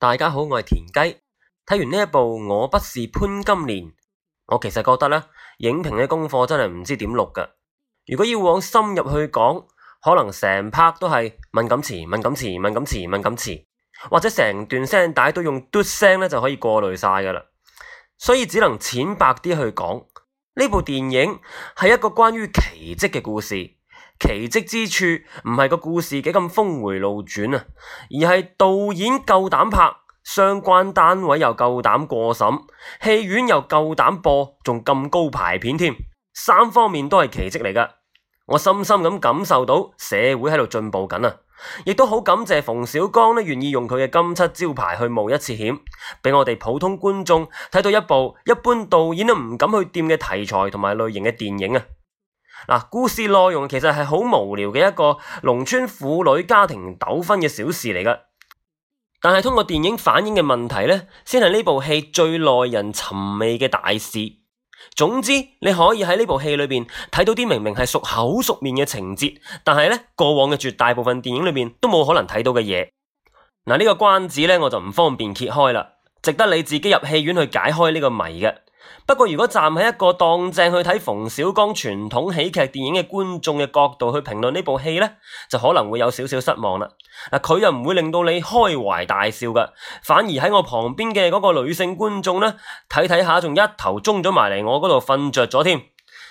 大家好，我係田雞。睇完呢部《我不是潘金蓮》，我其實覺得呢影評嘅功課真係唔知點錄㗎。如果要往深入去講，可能成拍都係敏感詞、敏感詞、敏感詞、敏感詞，或者成段聲帶都用嘟聲就可以過濾晒㗎喇。所以只能淺白啲去講。呢部電影係一個關於奇蹟嘅故事。奇蹟之處唔係個故事幾咁峰迴路轉啊，而係導演夠膽拍，相關單位又夠膽過審，戲院又夠膽播，仲咁高排片添，三方面都係奇蹟嚟㗎。我深深咁感受到社會喺度進步緊啊，亦都好感謝馮小剛咧，願意用佢嘅金漆招牌去冒一次險，俾我哋普通觀眾睇到一部一般導演都唔敢去掂嘅題材同埋類型嘅電影啊！嗱，故事內容其實係好無聊嘅一個農村婦女家庭糾紛嘅小事嚟㗎，但係通過電影反映嘅問題咧，先係呢部戲最耐人尋味嘅大事。總之，你可以喺呢部戲裏邊睇到啲明明係熟口熟面嘅情節，但係咧過往嘅絕大部分電影裏邊都冇可能睇到嘅嘢。嗱，呢個關子咧，我就唔方便揭開啦，值得你自己入戲院去解開呢個謎嘅。不過如果站喺一個當正去睇馮小剛傳統喜劇電影嘅觀眾嘅角度去評論呢部戲呢，就可能會有少少失望啦。嗱，佢又唔會令到你開懷大笑㗎，反而喺我旁邊嘅嗰個女性觀眾呢，睇睇下仲一頭中咗埋嚟我嗰度瞓着咗添。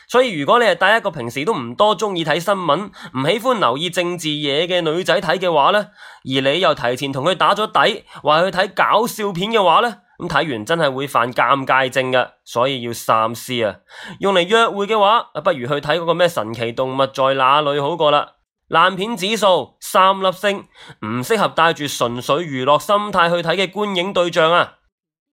所以如果你係第一個平時都唔多中意睇新聞、唔喜歡留意政治嘢嘅女仔睇嘅話呢，而你又提前同佢打咗底，話去睇搞笑片嘅話呢。咁睇完真係會犯尷尬症㗎，所以要三思啊！用嚟約會嘅話，不如去睇嗰個咩神奇動物在哪裡好過啦。爛片指數三粒星，唔適合帶住純粹娛樂心態去睇嘅觀影對象啊！